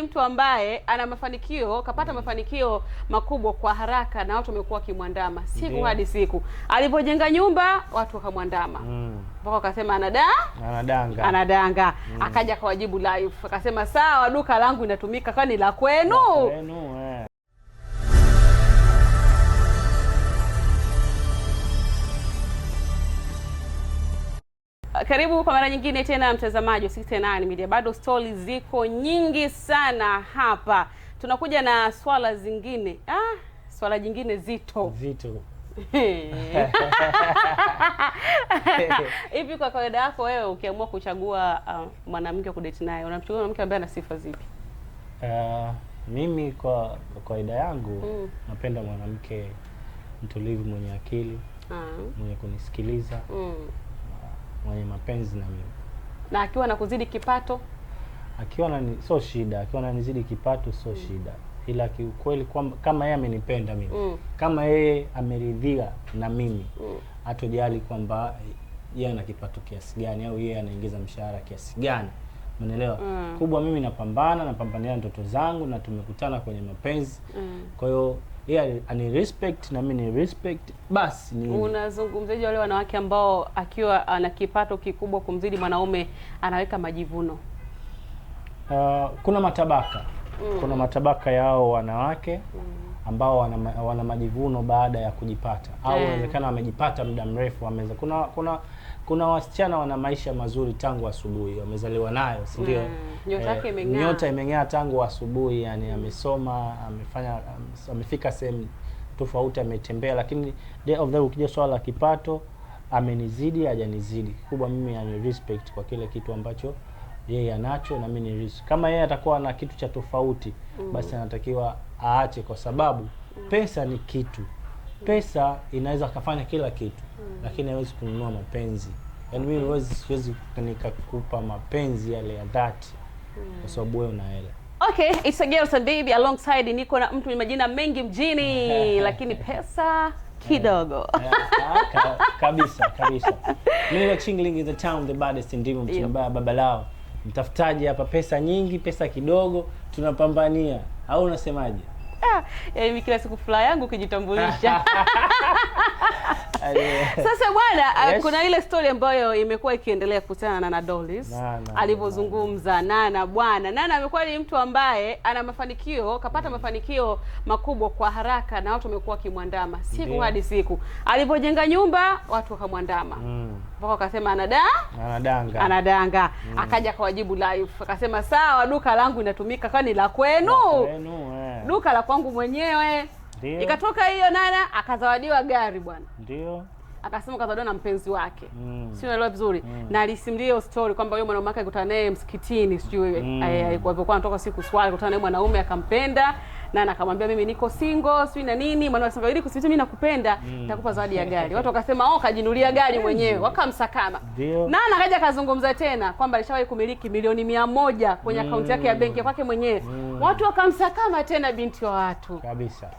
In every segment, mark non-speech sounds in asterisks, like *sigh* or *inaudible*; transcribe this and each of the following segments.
ni mtu ambaye ana mafanikio, kapata mafanikio makubwa kwa haraka, na watu wamekuwa wakimwandama siku yeah, hadi siku. Alipojenga nyumba watu wakamwandama mm. mpaka mm, akasema anada anadanga, anadanga. Mm. Akaja akawajibu live akasema, sawa, duka langu inatumika kwani la kwenu, la kwenu eh. Karibu kwa mara nyingine tena mtazamaji wa 69 Media, bado stori ziko nyingi sana hapa. Tunakuja na swala zingine ah, swala jingine zito zito *laughs* hivi kwa kawaida yako wewe ukiamua kuchagua uh, mwanamke wa kudeti naye unamchukua mwanamke ambaye ana sifa zipi? Uh, mimi kwa kawaida yangu mm. napenda mwanamke mtulivu mwenye akili uh ah. -huh. mwenye kunisikiliza mm mwenye mapenzi na mimi. Na akiwa nakuzidi kipato? Akiwa na sio shida, akiwa ananizidi kipato sio mm. shida, ila kiukweli kama yeye amenipenda mimi mm. kama yeye ameridhia na mimi mm. hatojali kwamba yeye ana kipato kiasi gani au yeye anaingiza mshahara kiasi gani, umeelewa? mm. kubwa mimi napambana, napambania ndoto zangu na tumekutana kwenye mapenzi mm. kwa hiyo yeye ani respect na mimi ni respect, basi ni unazungumzaje wale wanawake ambao akiwa ana kipato kikubwa kumzidi mwanaume anaweka majivuno? Uh, kuna matabaka mm. kuna matabaka yao wanawake mm ambao wana, wana majivuno baada ya kujipata au eh. inawezekana yeah. wamejipata muda mrefu wameza. Kuna kuna kuna wasichana wana maisha mazuri tangu asubuhi, wamezaliwa nayo, si ndio? mm. nyota eh, imeng'aa tangu asubuhi yani mm. amesoma, amefanya, amefika sehemu tofauti, ametembea, lakini day of the ukija swala la kipato, amenizidi hajanizidi, kubwa mimi yani respect kwa kile kitu ambacho yeye anacho na mimi ni risk. Kama yeye atakuwa na kitu cha tofauti mm. basi anatakiwa aache, kwa sababu pesa ni kitu, pesa inaweza kafanya kila kitu, mm. lakini haiwezi kununua mapenzi. Yaani mimi huwezi, siwezi nikakupa mapenzi yale ya dhati, mm. kwa sababu wewe una hela. Okay, it's a girl and baby alongside niko na mtu mwenye majina mengi mjini *laughs* lakini pesa kidogo *laughs* kabisa kabisa. *laughs* Mimi Chingling in the town the baddest, in Dimo mtu mbaya baba lao mtafutaji hapa, pesa nyingi, pesa kidogo, tunapambania au unasemaje? Ah, yaani kila siku furaha yangu kujitambulisha *laughs* Sasa bwana, eh, yes. Kuna ile story ambayo imekuwa ikiendelea kukutana na Nana alivyozungumza Nana bwana. Nana amekuwa ni mtu ambaye ana mafanikio, kapata mafanikio makubwa kwa haraka na watu wamekuwa wakimwandama siku yeah. hadi siku. Alipojenga nyumba watu wakamwandama mm. mpaka mm. akasema anada anadanga, anadanga. Mm. Akaja akawajibu live akasema sawa, duka langu inatumika kwani la kwenu, la kwenu eh. duka la kwangu mwenyewe ndio. Ikatoka hiyo Nana akazawadiwa gari bwana. Ndio. Akasema kazawadiwa na mpenzi wake. Mm. Sio naelewa vizuri. Mm. Na alisimulia hiyo story kwamba yule mwanaume wake alikutana naye msikitini, sijui mm. alikuwa anatoka siku swali kutana naye mwanaume akampenda na akamwambia mimi niko single, sijui na nini. Mwanaume akasema ili kusibitisha mimi nakupenda, mm. nitakupa mm. zawadi ya gari. *laughs* Watu wakasema oh, kajinulia gari mwenyewe, mm. wakamsakama. Nana akaja akazungumza tena kwamba alishawahi kumiliki milioni 100 moja kwenye mm. akaunti mm. yake ya benki kwake mwenyewe. Mm. Watu wakamsakama tena binti wa watu. Kabisa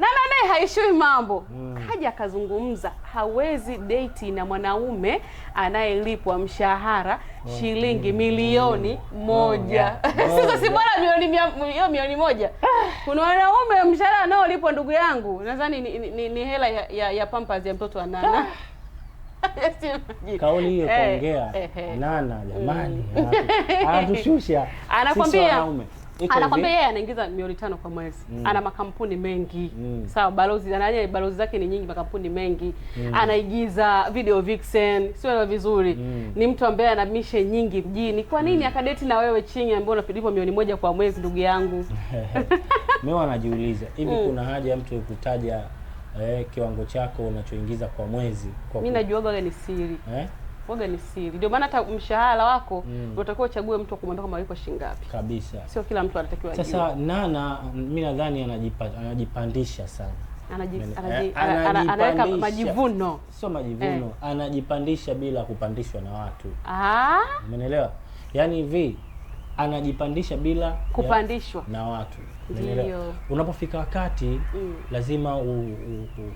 na dada haishui mambo mm. Kaja akazungumza, hawezi date na mwanaume anayelipwa mshahara okay. Hmm. shilingi hmm. milioni mm. moja hmm. *laughs* sasa si bora milioni hiyo milioni moja kuna wanaume mshahara anaolipwa ndugu yangu nadhani ni, ni, ni, ni hela ya, ya, ya pampas ya mtoto wa nana ah. *laughs* kauli hiyo eh, kaongea eh, eh. nana jamani, anatushusha *laughs* anakwambia anakwambia yeye anaingiza milioni tano kwa mwezi mm. ana makampuni mengi mm. sawa, balozi anaje, balozi zake ni nyingi, makampuni mengi mm. anaigiza video vixen, sio vizuri mm. ni mtu ambaye ana mishe nyingi mjini. Kwa nini mm. akadeti na wewe chini ambaye unapilipwa milioni moja kwa mwezi, ndugu yangu? *laughs* mimi wanajiuliza hivi mm. kuna haja ya mtu kutaja eh, kiwango chako unachoingiza kwa mwezi? Mimi najuaga ni siri eh? waga ni siri. Ndio maana hata mshahara wako mm. uchague mtu kumwambia kama yuko shilingi ngapi kabisa, sio kila mtu anatakiwa ajue. Sasa Nana mimi nadhani anajipa, anajipandisha sana yaani, anaweka majivuno, sio majivuno eh. Anajipandisha bila kupandishwa na watu, ah? umenielewa? Yaani hivi anajipandisha bila kupandishwa na watu, Unapofika wakati mm. lazima u, u, u,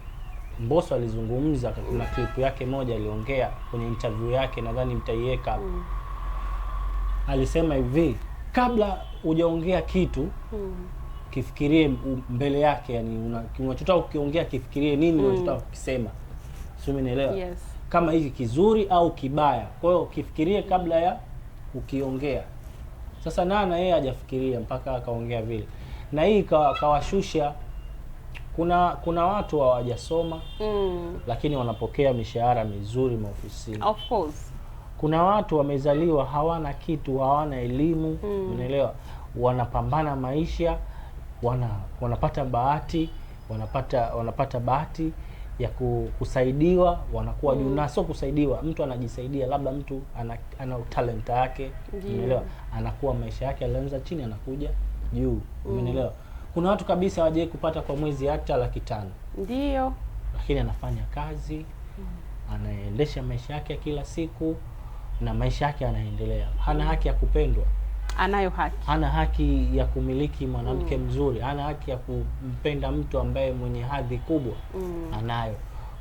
Mbosso alizungumza, kuna mm. clip yake moja aliongea kwenye interview yake, nadhani mtaiweka. mm. Alisema hivi, kabla hujaongea kitu mm. kifikirie mbele yake, yani unachotaka ukiongea kifikirie nini mm. unachotaka kukisema, sio? Umeelewa? Yes. kama hiki kizuri au kibaya, kwa hiyo kifikirie mm. kabla ya ukiongea. Sasa Nana yeye hajafikiria mpaka akaongea vile, na hii kawashusha kuna kuna watu hawajasoma mm. lakini wanapokea mishahara mizuri maofisini. Of course. Kuna watu wamezaliwa hawana kitu, hawana elimu mm. unaelewa, wanapambana maisha, wana wanapata bahati, wanapata wanapata bahati ya kusaidiwa wanakuwa juu mm. na sio kusaidiwa, mtu anajisaidia, labda mtu ana, ana talenta yake yeah. anakuwa maisha yake alianza chini, anakuja juu mm. Kuna watu kabisa hawajawahi kupata kwa mwezi hata laki tano, ndio, lakini anafanya kazi mm anaendesha maisha yake ya kila siku na maisha yake yanaendelea. Hana haki ya kupendwa? Anayo haki. Hana haki ya kumiliki mwanamke mm. mzuri? Hana haki ya kumpenda mtu ambaye mwenye hadhi kubwa? mm. Anayo.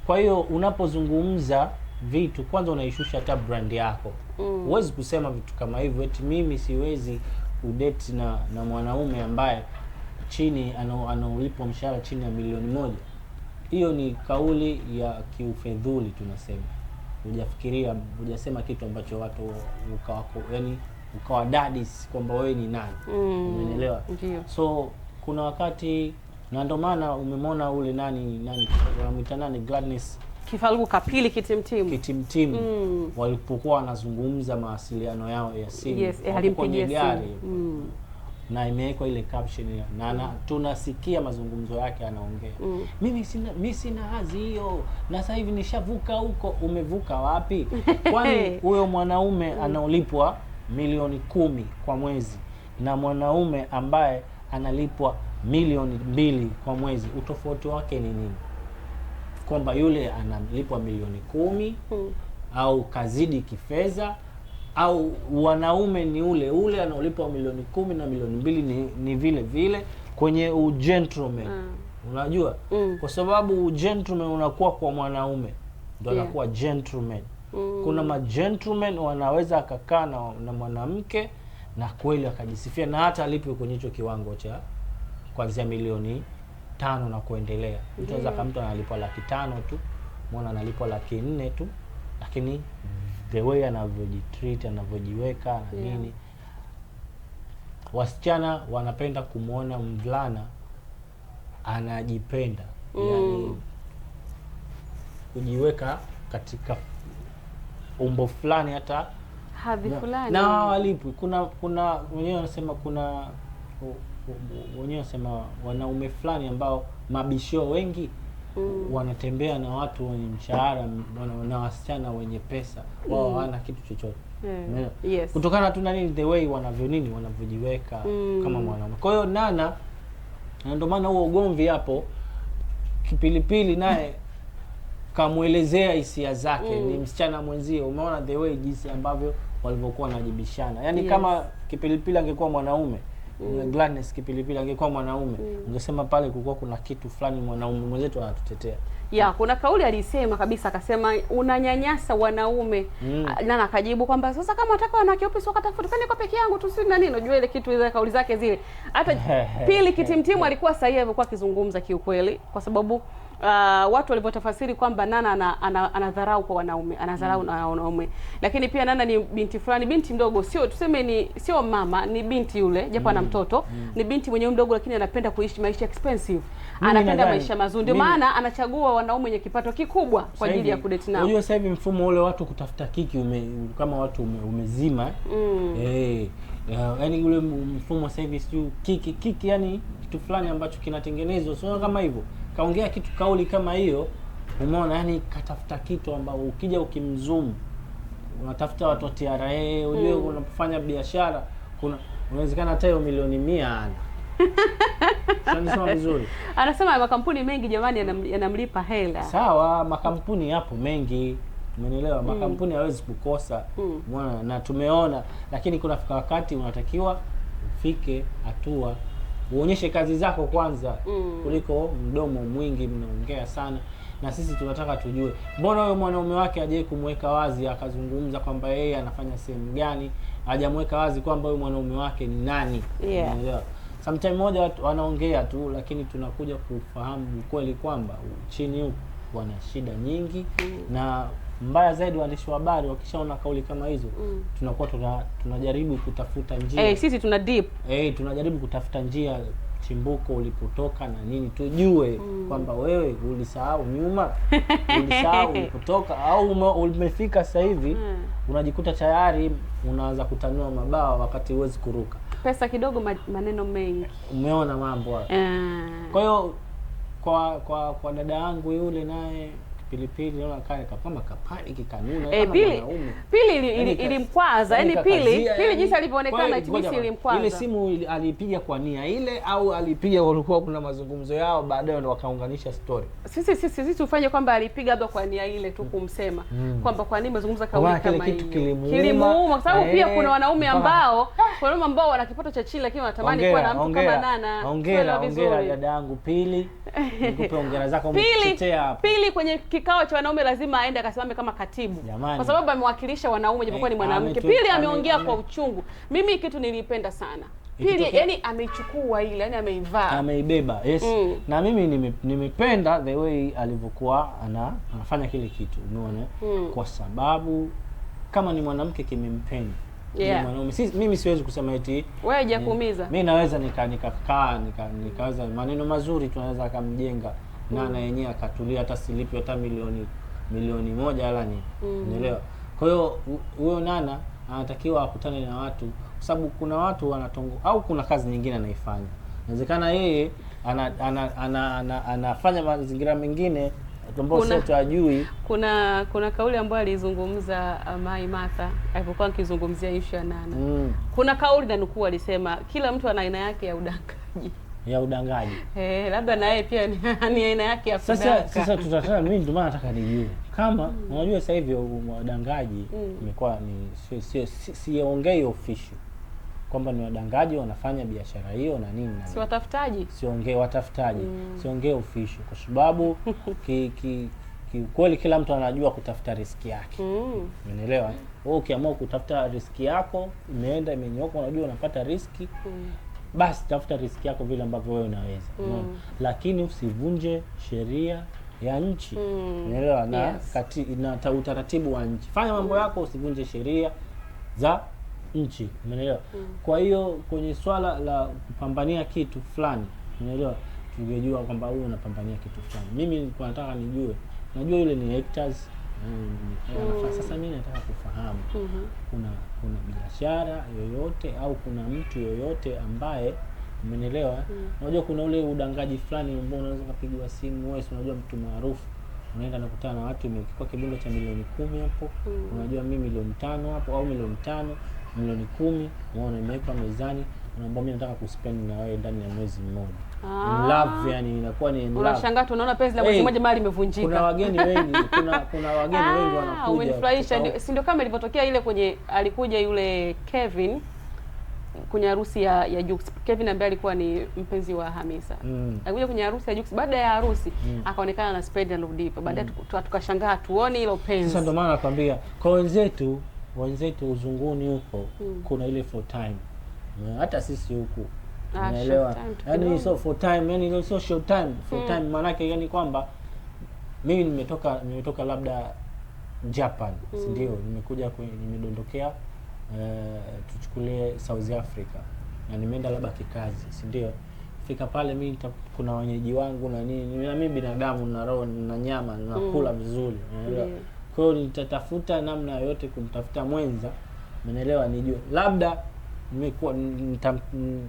Kwa hiyo unapozungumza vitu kwanza unaishusha hata brand yako. Mm. Huwezi kusema vitu kama hivyo eti mimi siwezi kudeti na, na mwanaume ambaye chini anaolipwa mshahara chini ya milioni moja. Hiyo ni kauli ya kiufedhuli tunasema, hujafikiria, hujasema kitu ambacho watu ukawako, yani ukawa dadis kwamba wewe ni nani. Mm, So kuna wakati na ndio maana umemwona ule nani nani wanamuita nani Gladness Kifaruku Kapili kitimtimu kitimtimu, mm. walipokuwa wanazungumza mawasiliano yao ya simu yes, kwenye gari mm na imewekwa ile caption ya na, na tunasikia mazungumzo yake anaongea. Mm. Mimi sina mimi sina hazi hiyo, na sasa hivi nishavuka huko. Umevuka wapi? *laughs* Kwani huyo mwanaume anaolipwa milioni kumi kwa mwezi na mwanaume ambaye analipwa milioni mbili kwa mwezi, utofauti wake ni nini? Kwamba yule analipwa milioni kumi mm. au kazidi kifedha au wanaume ni ule ule anaolipwa milioni kumi na milioni mbili ni, ni vile vile kwenye ugentleman mm. Unajua mm. Kwa sababu gentleman unakuwa kwa mwanaume ndo anakuwa yeah. Gentleman mm. Kuna magentleman wanaweza akakaa na, na mwanamke na kweli akajisifia na hata alipe kwenye hicho kiwango cha kuanzia milioni tano na kuendelea. Mtu anaweza yeah. Kama mtu analipwa laki tano tu, mwana analipwa laki nne tu, lakini the way anavyojitreat anavyojiweka na yeah. nini. Wasichana wanapenda kumwona mvulana anajipenda mm. yani, kujiweka katika umbo fulani hata hadhi fulani na hawalipwi. Kuna kuna wenyewe wanasema kuna wenyewe wanasema wanaume fulani ambao mabishio wengi mm. wanatembea na watu wenye mshahara na wasichana wenye pesa wao mm. hawana kitu chochote yeah. Mm. yes. kutokana tu na nini the way wanavyo nini wanavyojiweka mm. kama mwanaume. Kwa hiyo Nana, na ndio maana huo ugomvi hapo Kipilipili naye kamwelezea hisia zake mm. ni msichana mwenzie, umeona the way jinsi ambavyo walivyokuwa wanajibishana, yaani yes. kama Kipilipili angekuwa mwanaume mm. Gladness Kipilipili angekuwa mwanaume mm. ungesema pale kulikuwa kuna kitu fulani mwanaume mwenzetu anatutetea ya kuna kauli alisema kabisa, akasema unanyanyasa wanaume mm. na akajibu kwamba sasa kama unataka wanawake upi, sio katafuta kani kwa peke yangu tu si nani, unajua ile kitu ile kauli zake zile. Hata *laughs* pili kitimtimu alikuwa sahihi alivyokuwa akizungumza kiukweli, kwa sababu uh, watu walivyotafasiri kwamba Nana anadharau ana kwa wanaume anadharau mm. na wanaume, lakini pia Nana ni binti fulani, binti mdogo, sio tuseme ni sio mama, ni binti yule japo ana mm. mtoto mm. ni binti mwenye mdogo, lakini anapenda kuishi maisha expensive, anapenda maisha mazuri, ndio maana anachagua wanaume wenye kipato kikubwa kwa ajili ya kudate nao. Unajua sasa hivi mfumo ule watu kutafuta kiki ume, kama watu ume, umezima mm. eh yaani ule mfumo sasa hivi sio kiki kiki, yani kitu fulani ambacho kinatengenezwa sio kama hivyo kaongea kitu kauli kama hiyo, umeona, yani katafuta kitu ambao ukija ukimzumu unatafuta watu wa TRA, ujue hmm. unapofanya biashara kuna unawezekana hata hiyo milioni mia ana *laughs* vizuri, anasema makampuni mengi jamani, yanamlipa hela. Sawa, makampuni yapo mengi, umenielewa? Hmm. Makampuni mm. hawezi kukosa mwana hmm. na tumeona, lakini kuna wakati unatakiwa ufike hatua uonyeshe kazi zako kwanza mm. kuliko mdomo mwingi mnaongea sana na sisi tunataka tujue, mbona huyo mwanaume wake hajawahi kumweka wazi akazungumza kwamba yeye anafanya sehemu gani? Hajamweka wazi kwamba huyo mwanaume wake ni nani? yeah. sometime moja wanaongea tu, lakini tunakuja kufahamu ukweli kwamba chini huku wana shida nyingi mm. na Mbaya zaidi waandishi wa habari wakishaona kauli kama hizo mm. tunakuwa tuna, tunajaribu kutafuta njia hey, eh, sisi tuna deep hey, eh, tunajaribu kutafuta njia chimbuko ulipotoka na nini, tujue mm. kwamba wewe ulisahau nyuma, ulisahau *laughs* ulipotoka, au umefika sasa hivi mm. unajikuta tayari unaanza kutanua mabawa wakati huwezi kuruka. Pesa kidogo, maneno mengi, umeona mambo mm. Kwa hiyo kwa kwa kwa dada yangu yule naye Pilipili naona kale eh, kama kapani kikanuna hey, pili, pili yaani ilimkwaza yani yaani pili pili yaani jinsi alivyoonekana jinsi ilimkwaza. Ile simu alipiga kwa nia ile au alipiga walikuwa kuna mazungumzo yao baadaye ndo wakaunganisha story. Sisi sisi sisi tufanye kwamba alipiga labda kwa nia ile tu kumsema mm. kwamba kwa nini mazungumzo kauli kama hiyo. Kilimuuma kwa sababu pia eh. kuna wanaume ambao kwa wanaume ambao wana kipato cha chini lakini wanatamani kuwa na mtu kama Nana. Hongera hongera dada yangu Pili. Nikupe ongera zako *laughs* mkutetea. Pili kwenye kikao cha wanaume lazima aende akasimame kama katibu Jamani. kwa sababu amewakilisha wanaume japokuwa ni eh, mwanamke. Pili ameongea kwa uchungu, mimi kitu nilipenda sana Pili, yani ameichukua ile, yani ameivaa, ameibeba. Yes. Mm. Na mimi nimependa the way alivyokuwa ana, anafanya kile kitu umeona mm. kwa sababu kama ni mwanamke kimempenda Yeah. Mwanaume si, mimi siwezi kusema eti wewe hujakuumiza. Mimi naweza nika nikakaa nika, nikaweza maneno mazuri tunaweza akamjenga na na yenyewe akatulia, hata silipi hata milioni milioni moja wala nini, mm. unaelewa? Kwa hiyo huyo nana anatakiwa akutane na watu, kwa sababu kuna watu wanatongo au kuna kazi nyingine anaifanya, inawezekana yeye ana, ana, ana, ana, anafanya mazingira mengine ambayo sio tajui. Kuna kuna kauli ambayo alizungumza uh, Mai Martha alipokuwa akizungumzia issue ya nana mm. kuna kauli na nukuu, alisema kila mtu ana aina yake ya udangaji ya udangaji eh, labda na yeye pia *laughs* ni aina yake ya kudanga. Sasa sasa tutatana, mimi ndio maana nataka nijue kama mm. Unajua sasa hivi wadangaji mm. imekuwa mm. ni sio sio siongei si, si official kwamba ni wadangaji wanafanya biashara hiyo na nini na si watafutaji, siongee watafutaji mm. siongee official kwa sababu *laughs* ki, ki ki kweli kila mtu anajua kutafuta riski yake, mm. umeelewa? mm. Wewe ukiamua kutafuta riski yako, imeenda imenyoka, unajua unapata riski mm basi tafuta riski yako vile ambavyo wewe unaweza mm. Lakini usivunje sheria ya nchi mm. unaelewa, mm. yes. na utaratibu wa nchi, fanya mm. mambo mm. yako, usivunje sheria za nchi unaelewa. mm. Kwa hiyo kwenye swala la kupambania kitu fulani unaelewa, tungejua kwamba wewe unapambania kitu fulani. Mimi nilikuwa nataka nijue, najua yule ni hectares mm. Um, mm. Sasa mimi nataka kufahamu mm -hmm. kuna kuna biashara yoyote au kuna mtu yoyote ambaye umenelewa mm. unajua kuna ule udangaji fulani ambao unaweza ukapigwa simu wewe unajua mtu maarufu unaenda nakutana na watu umekikwa kibundo cha milioni kumi hapo mm. unajua mi milioni tano hapo au milioni tano milioni kumi unaona imewekwa mezani unaambia mimi nataka kuspend na wewe ndani ya mwezi mmoja ah. love yani inakuwa ni love. Unashangaa tu unaona pesa la mwezi eh, mmoja mali imevunjika. Kuna wageni wengi *laughs* kuna kuna wageni ah, wengi wanakuja. Ah, Umenifurahisha, si ndio? Kama ilivyotokea ile kwenye alikuja yule Kevin kwenye harusi ya ya Jux. Kevin ambaye alikuwa ni mpenzi wa Hamisa. Mm. Alikuja kwenye harusi ya Jux, baada ya harusi mm. akaonekana na spend and love deep. Baadaye mm. tukashangaa tuone hilo penzi. Sasa ndio maana nakwambia kwa wenzetu wenzetu uzunguni huko mm. kuna ile for time Eh, hata sisi huku ah, unaelewa, yani so for time, yani sio short time for hmm. time maana yake yani kwamba mimi nimetoka nimetoka labda Japan hmm. si ndio? Nimekuja nimedondokea uh, tuchukulie South Africa na nimeenda labda kikazi, si ndio? Fika pale mimi kuna wenyeji wangu na nini, na mimi binadamu na roho na nyama nakula hmm. vizuri mm. yeah. Kwa hiyo nitatafuta namna yoyote kumtafuta mwenza, umeelewa, nijue labda nimekuwa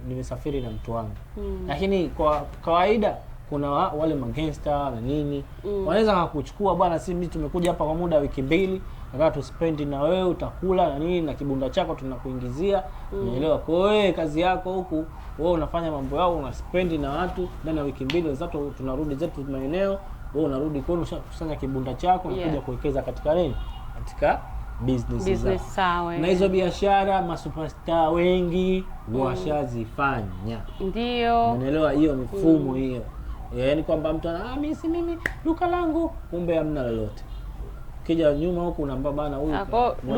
nimesafiri na mtu wangu mm. Lakini kwa kawaida kuna wale magangster na nini mm. wanaweza kukuchukua bwana, si mimi tumekuja hapa kwa muda wiki mbili, nataka tuspendi na wewe, utakula na nini na kibunda chako tunakuingizia, hmm. unaelewa? mm. Kwa wewe kazi yako huku, wewe unafanya mambo yao, unaspendi na watu, ndani ya wiki mbili zetu tunarudi zetu maeneo, wewe unarudi kwenu, ushakusanya kibunda chako, unakuja yeah. kuwekeza katika nini, katika business, business sawe. na hizo eh. biashara masuperstar wengi mm. washazifanya, ndio unaelewa hiyo mifumo mm. hiyo yaani kwamba mtu ah, mimi si mimi duka langu, kumbe hamna lolote. Kija nyuma huku unaambia bana, huyu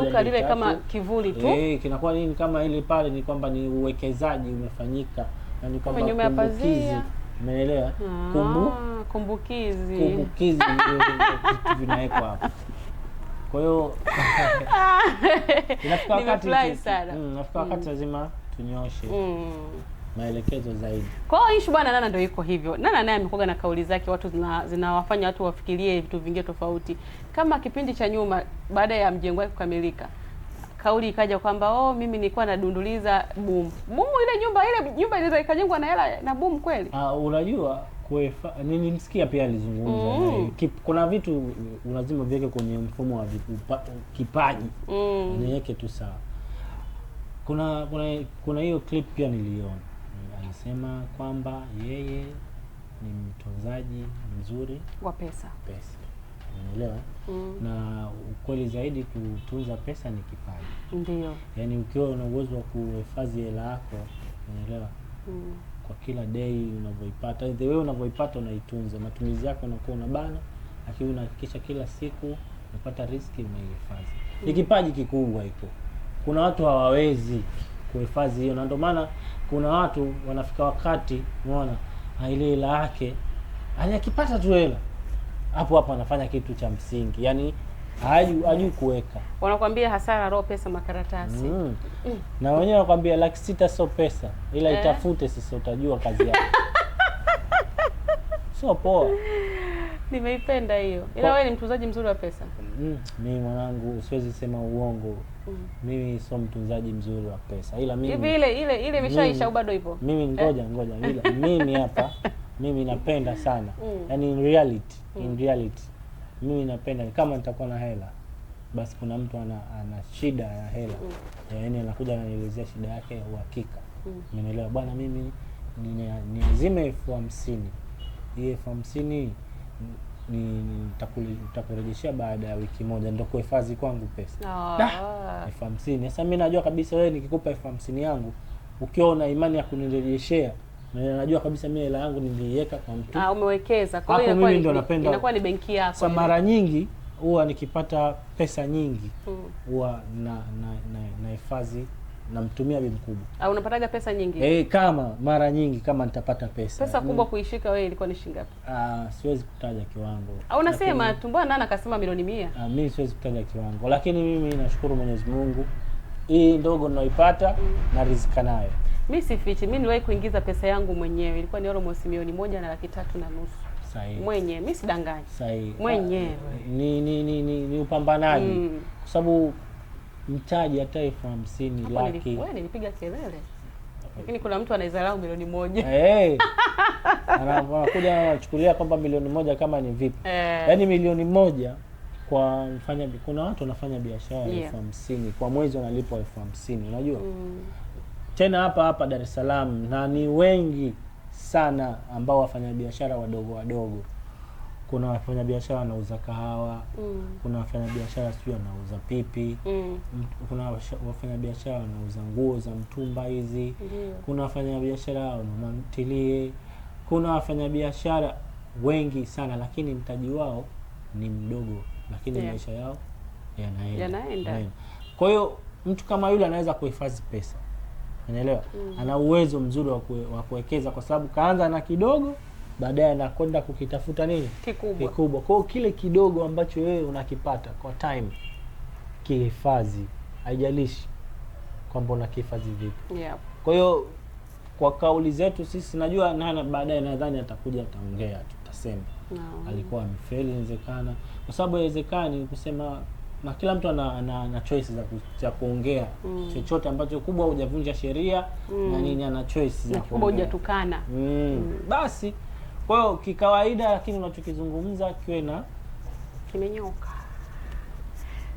duka lile kama kivuli tu eh, kinakuwa nini kama ile pale, ni kwamba ni uwekezaji umefanyika, na ni kwamba nyuma ya pazia, umeelewa? Ah, Kumbu kumbukizi kumbukizi, ndio vitu vinawekwa hapo. *laughs* Kwa hiyo ah. *laughs* inafika wakati mm, inafika wakati mm. lazima tunyoshe mm. maelekezo zaidi. Kwa hiyo issue bwana Nana ndio iko hivyo. Nana naye amekuwa na kauli zake, watu zinawafanya zina watu wafikirie vitu vingine tofauti. Kama kipindi cha nyuma baada ya mjengo wake kukamilika kauli ikaja kwamba oh, mimi nilikuwa nadunduliza boom boom ile nyumba ile nyumba ile ikajengwa na hela na boom kweli. Ah, unajua kuefa nilimsikia pia alizungumza mm. kuna vitu lazima viweke kwenye mfumo wa kipaji mm. niweke tu sawa. Kuna kuna kuna hiyo clip pia niliona, alisema kwamba yeye ni mtunzaji mzuri wa pesa pesa, unaelewa mm. na ukweli zaidi, kutunza pesa ni kipaji, ndio. Yaani ukiwa una uwezo wa kuhifadhi hela yako, unaelewa mm kwa kila dei unavyoipata, the way unavyoipata unaitunza, matumizi yako unakuwa unabana, lakini unahakikisha kila siku unapata riski unaihifadhi. Ni kipaji kikubwa hiko. Kuna watu hawawezi kuhifadhi hiyo, na ndio maana kuna watu wanafika wakati unaona ah, ile hela yake akipata tu hela hapo hapo anafanya kitu cha msingi, yani hajui kuweka, wanakwambia hasara roho pesa makaratasi mm. Mm. na wenyewe wanakwambia laki sita sio pesa, ila eh, itafute sisa utajua kazi yako *laughs* sio poa. Nimeipenda hiyo, ila wewe ni mtunzaji mzuri wa pesa. Mm. Mimi mwanangu, siwezi sema uongo mm. Mimi sio mtunzaji mzuri wa pesa, ila mimi hivi ile ile ile imeshaisha au bado ipo? Mimi ngoja eh, ngoja ila *laughs* mimi hapa mimi napenda sana mm. yani in reality, mm. in reality mimi napenda kama nitakuwa na hela basi kuna mtu ana, ana shida ya hela mm. yaani anakuja ananielezea shida yake ya uhakika mm. Nimeelewa bwana, mimi niazime elfu hamsini hii elfu hamsini nitakurejeshea baada ya wiki moja, ndio kuhifadhi kwangu pesa ah. elfu hamsini. Sasa mi najua kabisa wewe nikikupa elfu hamsini yangu ukiwa una imani ya kunirejeshea najua kabisa mimi hela yangu niliiweka kwa mtu. Ah, umewekeza. Kwa hiyo mimi ndo napenda. Inakuwa ni benki yako. Kwa mara nyingi huwa nikipata pesa nyingi hmm. huwa hmm, na na na, na namtumia bibi mkubwa. Ah, unapataga pesa nyingi? Eh, kama mara nyingi kama nitapata pesa. Pesa kubwa mm. kuishika wewe ilikuwa ni shilingi ngapi? Ah, siwezi kutaja kiwango. Au ah, unasema tu mbona nani akasema milioni 100? Ah, mimi siwezi kutaja kiwango. Lakini mimi nashukuru Mwenyezi Mungu. Hii ndogo ninaoipata mm, na rizika nayo. Mi sifichi, mi niliwahi kuingiza pesa yangu mwenyewe, ilikuwa ni almost milioni moja na laki tatu na nusu. Sahihi. Mwenyewe, mi sidanganyi. Sahihi. Mwenyewe. Ah, ni ni ni, ni, ni upambanaji. Mm. Kwa sababu mtaji hata elfu hamsini laki. nilipiga kelele. Lakini kuna mtu anaidharau milioni moja. Hey. Eh, eh. *laughs* Anakuja anachukulia kwamba milioni moja kama ni vipi? Eh. Yaani milioni moja kwa mfanya kuna watu wanafanya biashara yeah, hamsini kwa mwezi wanalipwa elfu hamsini unajua? Mm tena hapa hapa Dar es Salaam, na ni wengi sana ambao wafanyabiashara wadogo wadogo. Kuna wafanyabiashara wanauza kahawa mm. kuna wafanyabiashara sijui wanauza pipi mm. kuna wafanyabiashara wanauza nguo za mtumba hizi mm. kuna wafanyabiashara wanauza kuna wafanyabiashara wengi sana, lakini mtaji wao ni mdogo, lakini yeah. maisha yao yanaenda. Kwa hiyo mtu kama yule anaweza kuhifadhi pesa Unaelewa? Mm. Ana uwezo mzuri wa kuwekeza kwa sababu kaanza na kidogo baadaye anakwenda kukitafuta nini kikubwa, kikubwa. Kwa kile kidogo ambacho wewe unakipata kwa time kihifadhi, haijalishi kwamba unakihifadhi vipi. yeah. Kwa hiyo kwa kauli zetu sisi, najua Nana baadaye nadhani atakuja ataongea, tutasema no, alikuwa amefeli, inawezekana, kwa sababu haiwezekani kusema na kila mtu ana, ana, ana choice za, ku, za kuongea mm. chochote ambacho kubwa hujavunja sheria mm. na nini, ana choice za kubwa hujatukana mm. mm. Basi kwa hiyo kikawaida, lakini unachokizungumza kiwe na kimenyoka.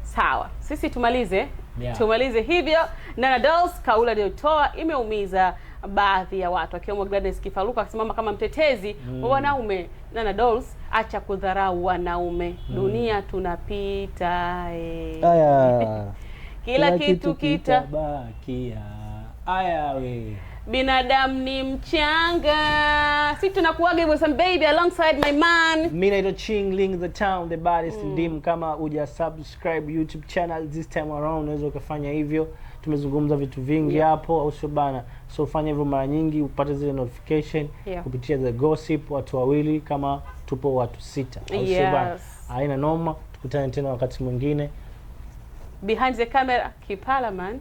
Sawa, sisi tumalize yeah. tumalize hivyo. Nana Dolls, kauli aliyotoa imeumiza baadhi ya watu akiwemo Gladness Kifaruka akisimama kama mtetezi mm. wa hmm. wanaume. Nana Dolls, acha kudharau wanaume mm. dunia tunapita eh. Aya. *laughs* kila, kila kitu kitabakia. Aya we binadamu ni mchanga, si tunakuaga hivyo. Some baby alongside my man. Mimi naitwa Chingling the town the baddest mm. Ndim, kama uja subscribe YouTube channel this time around, unaweza ukafanya hivyo tumezungumza vitu vingi hapo yeah. au sio bana? So fanya hivyo mara nyingi upate zile notification yeah. kupitia the gossip, watu wawili kama tupo watu sita, au sio bana? Haina noma, tukutane tena wakati mwingine. Behind the camera Kipalaman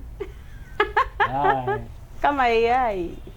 *laughs* kama AI.